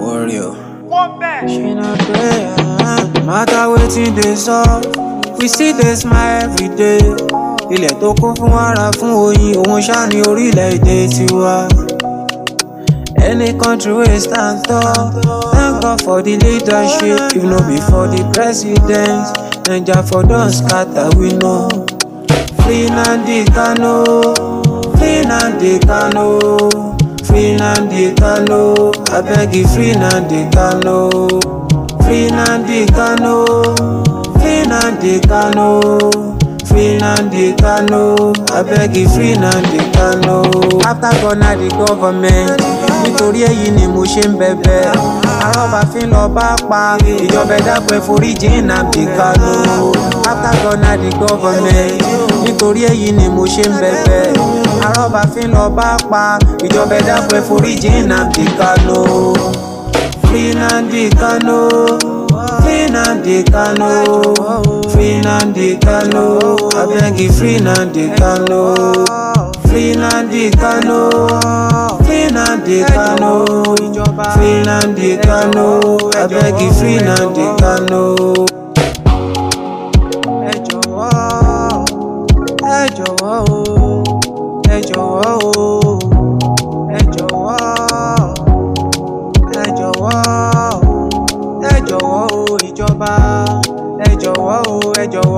Warrior. She not play. No matter wetin dey sup, we see dey smile everyday. Ilẹ̀ tó kún fún wàrà fún oyin, òun ṣáà ní orílẹ̀-èdè tiwa. Any country wey stand tall, thank God for the leadership, if no be for the president, Naija for don scatter we know. Finland Kano, Finland Kano. I beg you, free Nnamdi Kanu, free Nnamdi Kanu, free Nnamdi Kanu, free I beg you, free Nnamdi Kanu. After gonna the government, nítorí èyí ni mo ṣe ń bẹ̀bẹ̀. Arọ́bàfin lọ bá pa, ìjọba ẹ̀dá pẹ̀ foríjì Nnamdi Kanu. After gonna the government, nítorí èyí ni mo ṣe ń bẹ̀bẹ̀ arọ́bàfin lọ bá pa ìjọba ẹ̀dá pé foríjì Nnamdi Kanu free Nnamdi Kanu free Nnamdi Kanu free Nnamdi Kanu abeg free Nnamdi Kanu free Nnamdi Kanu free Nnamdi Kanu free Nnamdi Kanu abeg free Nnamdi Kanu. ẹ jọ̀wọ́ ẹ jọ̀wọ́ o ẹ jọ̀wọ́ o ẹ jọ̀wọ́ ẹ jọ̀wọ́ ìjọba ẹ jọ̀wọ́